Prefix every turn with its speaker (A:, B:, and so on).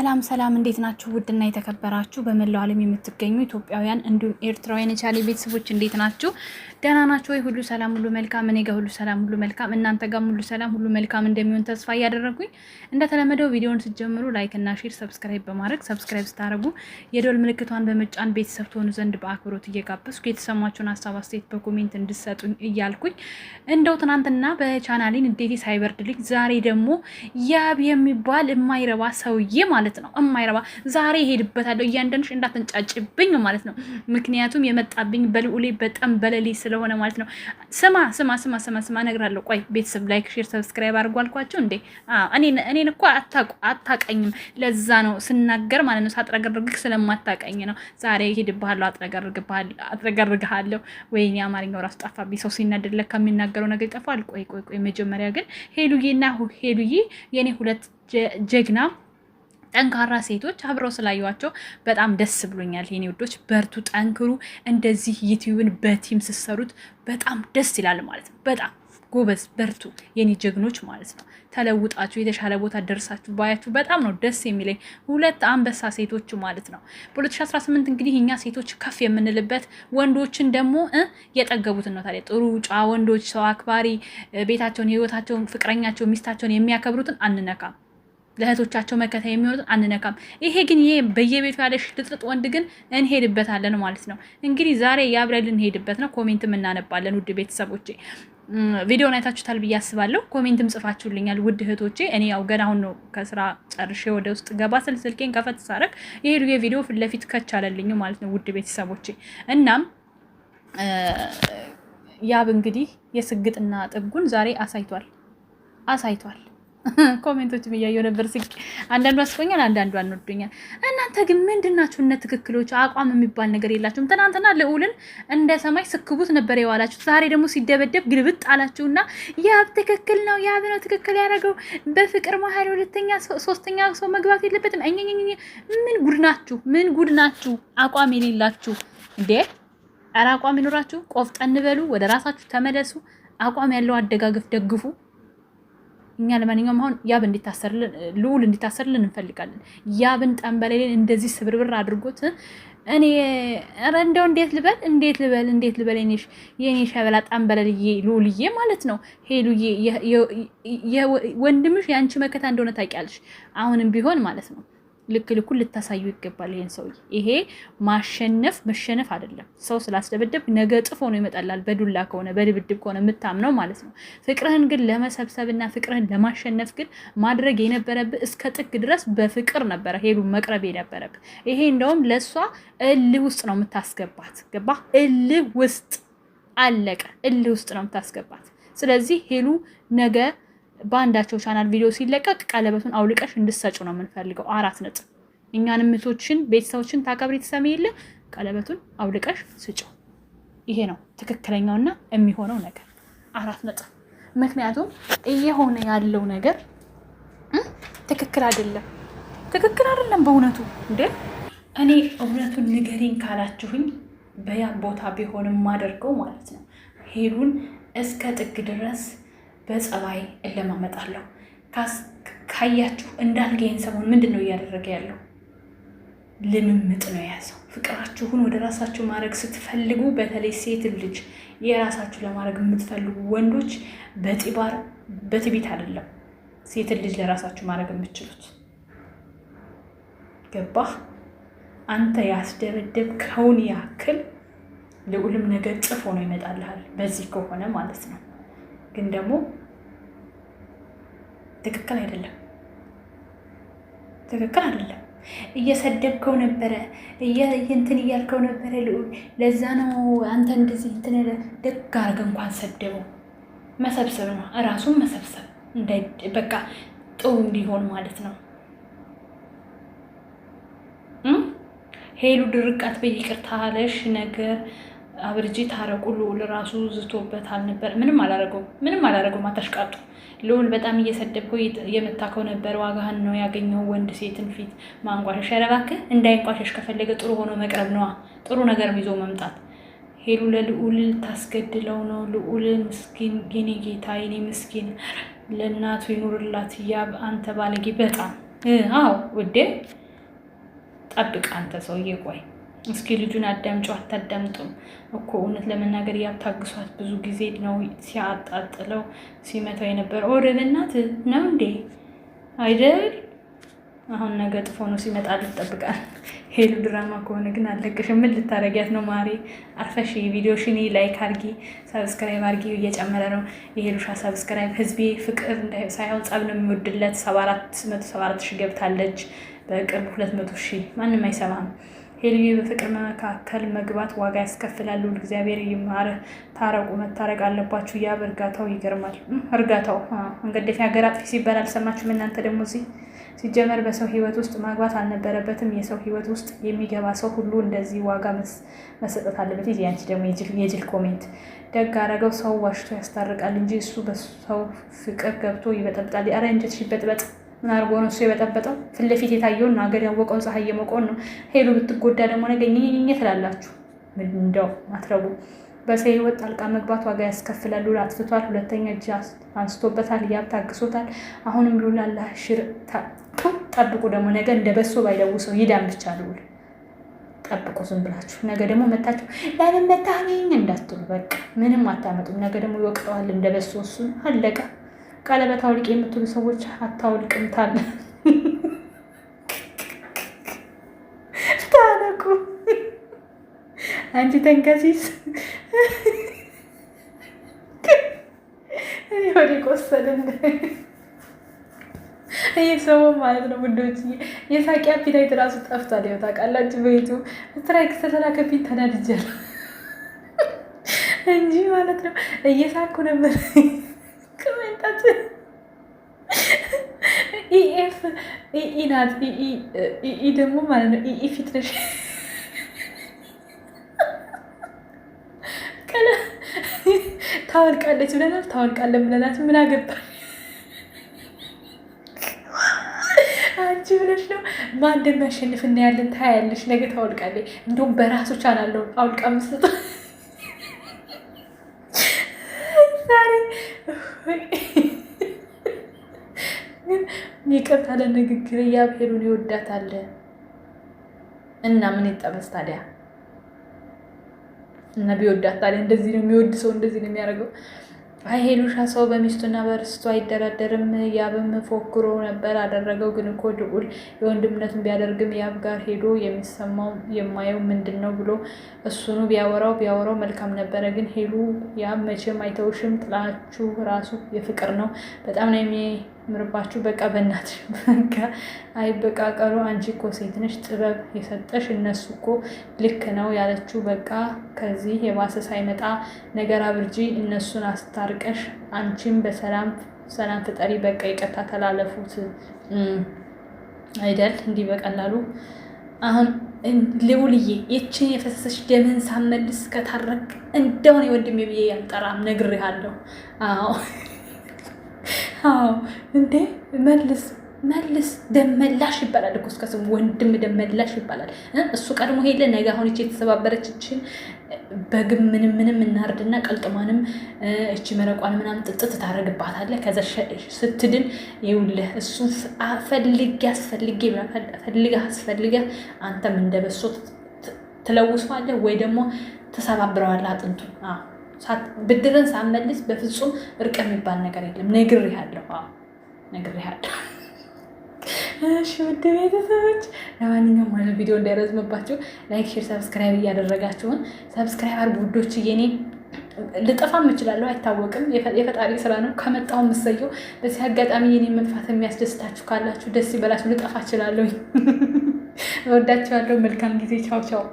A: ሰላም ሰላም፣ እንዴት ናችሁ? ውድና የተከበራችሁ በመላው ዓለም የምትገኙ ኢትዮጵያውያን እንዲሁም ኤርትራውያን የቻሌ ቤተሰቦች እንዴት ናችሁ? ደህና ናችሁ ወይ? ሁሉ ሰላም፣ ሁሉ መልካም። እኔ ጋር ሁሉ ሰላም፣ ሁሉ መልካም። እናንተ ጋር ሁሉ ሰላም፣ ሁሉ መልካም እንደሚሆን ተስፋ እያደረጉኝ እንደተለመደው ቪዲዮውን ስትጀምሩ ላይክ እና ሼር፣ ሰብስክራይብ በማድረግ ሰብስክራይብ ስታደርጉ የደወል ምልክቷን በመጫን ቤተሰብ ትሆኑ ዘንድ በአክብሮት እየጋበዝኩ የተሰማችሁን ሀሳብ አስተያየት በኮሜንት እንድሰጡኝ እያልኩኝ እንደው ትናንትና በቻናሌን እንዴት ሳይበርድልኝ ዛሬ ደግሞ ያብ የሚባል የማይረባ ሰውዬ ማለት ማለት ነው። እማይረባ ዛሬ ይሄድበታለሁ እያንዳንዱሽ እንዳትንጫጭብኝ ማለት ነው። ምክንያቱም የመጣብኝ በልዑሌ በጣም በለሌ ስለሆነ ማለት ነው። ስማ ስማ ስማ ስማ ስማ እነግራለሁ። ቆይ ቤተሰብ ላይክ፣ ሼር፣ ሰብስክራይብ አድርጎ አልኳቸው እንዴ። እኔን እኮ አታቀኝም። ለዛ ነው ስናገር ማለት ነው። ሳጥረገርግህ ስለማታቀኝ ነው። ዛሬ ይሄድብሃለሁ፣ አጥረገርግሃለሁ። ወይኔ አማርኛው ራሱ ጠፋብኝ። ሰው ሲናደድ ለካ የሚናገረው ነገር ይጠፋል። ቆይ ቆይ ቆይ መጀመሪያ ግን ሄሉዬና ሄሉዬ የእኔ ሁለት ጀግና ጠንካራ ሴቶች አብረው ስላዩቸው በጣም ደስ ብሎኛል። የኔ ውዶች በርቱ፣ ጠንክሩ። እንደዚህ ዩትዩብን በቲም ስሰሩት በጣም ደስ ይላል ማለት ነው። በጣም ጎበዝ፣ በርቱ የኔ ጀግኖች ማለት ነው። ተለውጣችሁ የተሻለ ቦታ ደርሳችሁ ባያችሁ በጣም ነው ደስ የሚለኝ። ሁለት አንበሳ ሴቶች ማለት ነው። በ2018 እንግዲህ እኛ ሴቶች ከፍ የምንልበት ወንዶችን ደግሞ የጠገቡትን ነው። ታዲያ ጥሩ ጫ ወንዶች፣ ሰው አክባሪ፣ ቤታቸውን፣ ህይወታቸውን፣ ፍቅረኛቸውን፣ ሚስታቸውን የሚያከብሩትን አንነካም። ለእህቶቻቸው መከታ የሚሆኑት አንነካም። ይሄ ግን ይሄ በየቤቱ ያለ ሽልጥልጥ ወንድ ግን እንሄድበታለን ማለት ነው። እንግዲህ ዛሬ የአብረን ልንሄድበት ነው። ኮሜንትም እናነባለን። ውድ ቤተሰቦቼ ቪዲዮን አይታችሁታል ብዬ አስባለሁ። ኮሜንትም ጽፋችሁልኛል ውድ እህቶቼ። እኔ ያው ገና አሁን ነው ከስራ ጨርሼ ወደ ውስጥ ገባ ስል ስልኬን ከፈት ሳረግ የሄዱ የቪዲዮ ፊት ለፊት ከች አለልኝ ማለት ነው ውድ ቤተሰቦቼ። እናም ያብ እንግዲህ የስግጥና ጥጉን ዛሬ አሳይቷል አሳይቷል ኮሜንቶችም እያየሁ ነበር። ስ አንዳንዱ አስቆኛል፣ አንዳንዱ አንወዱኛል። እናንተ ግን ምንድናችሁ? እነ ትክክሎች አቋም የሚባል ነገር የላችሁም። ትናንትና ልዑልን እንደ ሰማይ ስክቡት ነበር የዋላችሁ። ዛሬ ደግሞ ሲደበደብ ግልብጥ አላችሁና ያብ ትክክል ነው፣ ያብ ነው ትክክል ያደረገው። በፍቅር መሀል ሁለተኛ ሶስተኛ ሰው መግባት የለበትም። ምን ጉድ ናችሁ? ምን ጉድ ናችሁ? አቋም የሌላችሁ እንዴ! ኧረ አቋም ይኖራችሁ። ቆፍጠን በሉ፣ ወደ ራሳችሁ ተመለሱ። አቋም ያለው አደጋገፍ ደግፉ። እኛ ለማንኛውም አሁን ያብ እንዲታሰርልን ልዑል እንዲታሰርልን እንፈልጋለን። ያብን ጠንበሌሌን እንደዚህ ስብርብር አድርጎት እኔ ኧረ እንደው እንዴት ልበል እንዴት ልበል እንዴት ልበል የኔ ሸበላ ጠንበለልዬ ልዑልዬ ማለት ነው። ሄሉዬ ወንድምሽ የአንቺ መከታ እንደሆነ ታውቂያለሽ። አሁንም ቢሆን ማለት ነው ልክ ልኩ ልታሳዩ ይገባል። ይሄን ሰውዬ ይሄ ማሸነፍ መሸነፍ አይደለም። ሰው ስላስደበደብ ነገ ጥፎ ነው ይመጣላል። በዱላ ከሆነ በድብድብ ከሆነ የምታምነው ማለት ነው። ፍቅርህን ግን ለመሰብሰብና ፍቅርህን ለማሸነፍ ግን ማድረግ የነበረብህ እስከ ጥግ ድረስ በፍቅር ነበረ ሄዱ መቅረብ የነበረብህ። ይሄ እንደውም ለእሷ እልህ ውስጥ ነው የምታስገባት። ገባ እልህ ውስጥ አለቀ። እልህ ውስጥ ነው የምታስገባት። ስለዚህ ሄሉ ነገ በአንዳቸው ቻናል ቪዲዮ ሲለቀቅ ቀለበቱን አውልቀሽ እንድሰጩ ነው የምንፈልገው። አራት ነጥብ። እኛን ምቶችን ቤተሰቦችን ታከብሪ ትሰሚ የለ ቀለበቱን አውልቀሽ ስጩ። ይሄ ነው ትክክለኛውና የሚሆነው ነገር አራት ነጥብ። ምክንያቱም እየሆነ ያለው ነገር ትክክል አይደለም፣ ትክክል አይደለም በእውነቱ እንደ እኔ እውነቱን ንገሪኝ ካላችሁኝ በያ ቦታ ቢሆንም ማደርገው ማለት ነው ሄሉን እስከ ጥግ ድረስ በጸባይ እለማመጣለሁ። ካያችሁ እንዳልጋይን ሰሞን ምንድን ነው እያደረገ ያለው? ልምምጥ ነው የያዘው። ፍቅራችሁን ወደ ራሳችሁ ማድረግ ስትፈልጉ፣ በተለይ ሴት ልጅ የራሳችሁ ለማድረግ የምትፈልጉ ወንዶች በጢባር በትቢት አይደለም ሴት ልጅ ለራሳችሁ ማድረግ የምትችሉት። ገባህ? አንተ ከውን ያክል ልዑልም ነገር ጽፎ ነው ይመጣልሃል። በዚህ ከሆነ ማለት ነው ግን ደግሞ ትክክል አይደለም፣ ትክክል አይደለም። እየሰደብከው ነበረ፣ እንትን እያልከው ነበረ። ልዑል ለዛ ነው አንተ እንደዚህ እንትን ደግ አድርገህ እንኳን ሰደበው። መሰብሰብ ነው እራሱን መሰብሰብ፣ በቃ ጥሩ እንዲሆን ማለት ነው። ሄሉ ድርቃት በይቅርታ አለሽ ነገር አብርጂ ታረቁ። ልዑል ራሱ ዝቶበታል ምንም አላረገው፣ ምንም አላረገው። አታሽቃጡ። ልዑል በጣም እየሰደብከው የመታከው ነበር። ዋጋህን ነው ያገኘው። ወንድ ሴትን ፊት ማንቋሸሽ ያረባክህ። እንዳይንቋሸሽ ከፈለገ ጥሩ ሆኖ መቅረብ ነዋ። ጥሩ ነገር ይዞ መምጣት። ሄሉ ለልዑል ታስገድለው ነው። ልዑል ምስኪን፣ የኔ ጌታ፣ የኔ ምስኪን፣ ለእናቱ ይኑርላት። ያብ አንተ ባለጌ በጣም አዎ፣ ውዴ ጠብቅ አንተ ሰውዬ ቆይ እስኪ ልጁን አዳምጮ አታዳምጡም እኮ እውነት ለመናገር ያታግሷት ብዙ ጊዜ ነው ሲያጣጥለው ሲመታው የነበረ ኦረድ እናት ነው እንዴ አይደል አሁን ነገ ጥፎ ነው ሲመጣ ልጠብቃል። ሄሉ ድራማ ከሆነ ግን አለቅሽ ምን ልታረጊያት ነው ማሬ አርፈሽ ሽኒ ላይክ አርጊ ሰብስክራይብ አርጊ እየጨመረ ነው የሄሉሻ ሰብስክራይብ ህዝቤ ፍቅር ሳይሆን ጸብ ነው የሚወድለት ሰባ አራት ሺ ገብታለች በቅርብ ሁለት መቶ ሺ ማንም አይሰማም ሄልሚ በፍቅር መካከል መግባት ዋጋ ያስከፍላሉ። እግዚአብሔር ይማር። ታረቁ፣ መታረቅ አለባችሁ። ያብ እርጋታው ይገርማል። እርጋታው እንግዲህ ሀገር አጥፊ ሲባል አልሰማችሁም እናንተ? ደግሞ እዚህ ሲጀመር በሰው ህይወት ውስጥ ማግባት አልነበረበትም። የሰው ህይወት ውስጥ የሚገባ ሰው ሁሉ እንደዚህ ዋጋ መሰጠት አለበት። ይዚ አንቺ ደግሞ የጅል ኮሜንት ደግ አረገው። ሰው ዋሽቶ ያስታርቃል እንጂ እሱ በሰው ፍቅር ገብቶ ይበጠብጣል። ኧረ እንጀትሽ ይበጥበጥ። ምን አድርጎ ነው እሱ የበጠበጠው? ፊት ለፊት የታየውን ነው። አገር ያወቀውን ፀሐይ የሞቀውን ነው። ሄሉ ብትጎዳ ደግሞ ነገ ኝኝኝ ትላላችሁ። ምንደው አትረቡ። በሰው ሕይወት ጣልቃ መግባት ዋጋ ያስከፍላል። ሉላ አጥፍቷል። ሁለተኛ እጅ አንስቶበታል። እያብ ታግሶታል። አሁንም ሉላ አላህ ሽር ጠብቁ። ደግሞ ነገ እንደ በሶ ባይለውሰው ይዳን ብቻ ልውል ጠብቁ። ዝም ብላችሁ ነገ ደግሞ መታችሁ ለምን መታኸኝ እንዳትሉ። በቃ ምንም አታመጡም። ነገ ደግሞ ይወቅጠዋል እንደ በሶ እሱን አለቀ። ቀለበት አውልቅ የምትሉ ሰዎች አታውልቅም ታለ ታነቁ አንቺ ተንከሲስ ወደ ይህ ሰው ማለት ነው። ውዶች የሳቂ አፒታይት ራሱ ጠፍቷል። ያው ታውቃላችሁ በቤቱ ስትራይክ ተተላከፊት ተናድጃለሁ እንጂ ማለት ነው እየሳኩ ነበር። ኢ ናት ኢ ደግሞ ማለት ነው ኢ ፊት ነሽ ታወልቃለች ብለናል፣ ታወልቃለን ብለናት ምን አገባል አንቺ ብለሽ ነው ማን እንደሚያሸንፍ እናያለን። ታያለሽ፣ ነገ ታወልቃለች። እንዲሁም በራሱ ቻናለውን አውልቃ መስጠት ይቅርታ ለንግግር እግዚአብሔርን ይወዳታል እና ምን ይጠበስ ታዲያ? እና ቢወዳት ታዲያ እንደዚህ ነው የሚወድ ሰው እንደዚህ ነው የሚያደርገው። አይ ሄሉሻ ሰው በሚስቱና በርስቱ አይደራደርም። ያብም ፎክሮ ነበር አደረገው። ግን እኮ ድዑል የወንድምነቱን ቢያደርግም ያብ ጋር ሄዶ የሚሰማው የማየው ምንድን ነው ብሎ እሱኑ ቢያወራው ቢያወራው መልካም ነበረ። ግን ሄሉ ያብ መቼም አይተውሽም። ጥላችሁ ራሱ የፍቅር ነው በጣም ነው ምርባችሁ በቃ በእናትሽ በቃ አይበቃቀሩ። አንቺ እኮ ሴት ነሽ ጥበብ የሰጠሽ እነሱ እኮ ልክ ነው ያለችው። በቃ ከዚህ የባሰ ሳይመጣ ነገር አብርጂ፣ እነሱን አስታርቀሽ አንቺም በሰላም ሰላም ፍጠሪ። በቃ ይቅርታ ተላለፉት አይደል? እንዲህ በቀላሉ አሁን ልውልዬ ይችን የፈሰሰች ደምን ሳመልስ ከታረቅ እንደሆነ የወንድሜ ብዬ ያልጠራም ነግሬሃለሁ። አዎ አዎ እንዴ መልስ መልስ ደመላሽ ይባላል እኮ እስከ ስሙ ወንድም ደመላሽ ይባላል። እሱ ቀድሞ ሄለ ነገ አሁን ይቺ የተሰባበረች ይችን በግም ምንም ምንም እናርድና ቀልጥማንም እቺ መረቋን ምናምን ጥጥት ታደርግባታለህ። ከዛ ስትድን ይውልህ እሱ ፈልግ አስፈልጌ ፈልግ አስፈልገ አንተም እንደበሶ ትለውሰዋለህ ወይ ደግሞ ተሰባብረዋለህ አጥንቱ ብድርን ሳመልስ በፍጹም እርቅ የሚባል ነገር የለም። ነግሬሃለሁ፣ ነግሬሃለሁ። እሺ ውድ ቤተሰቦች፣ ለማንኛውም ማለት ቪዲዮ እንዳይረዝምባችሁ ላይክ፣ ሼር፣ ሰብስክራይብ እያደረጋችሁን ሰብስክራይበር ቡዶች ውዶች። ልጠፋም እችላለሁ፣ አይታወቅም። የፈጣሪ ስራ ነው። ከመጣሁ ምሰየው። በዚህ አጋጣሚ የኔ መጥፋት የሚያስደስታችሁ ካላችሁ ደስ ይበላችሁ። ልጠፋ እችላለሁ። እወዳችኋለሁ። መልካም ጊዜ። ቻው ቻው።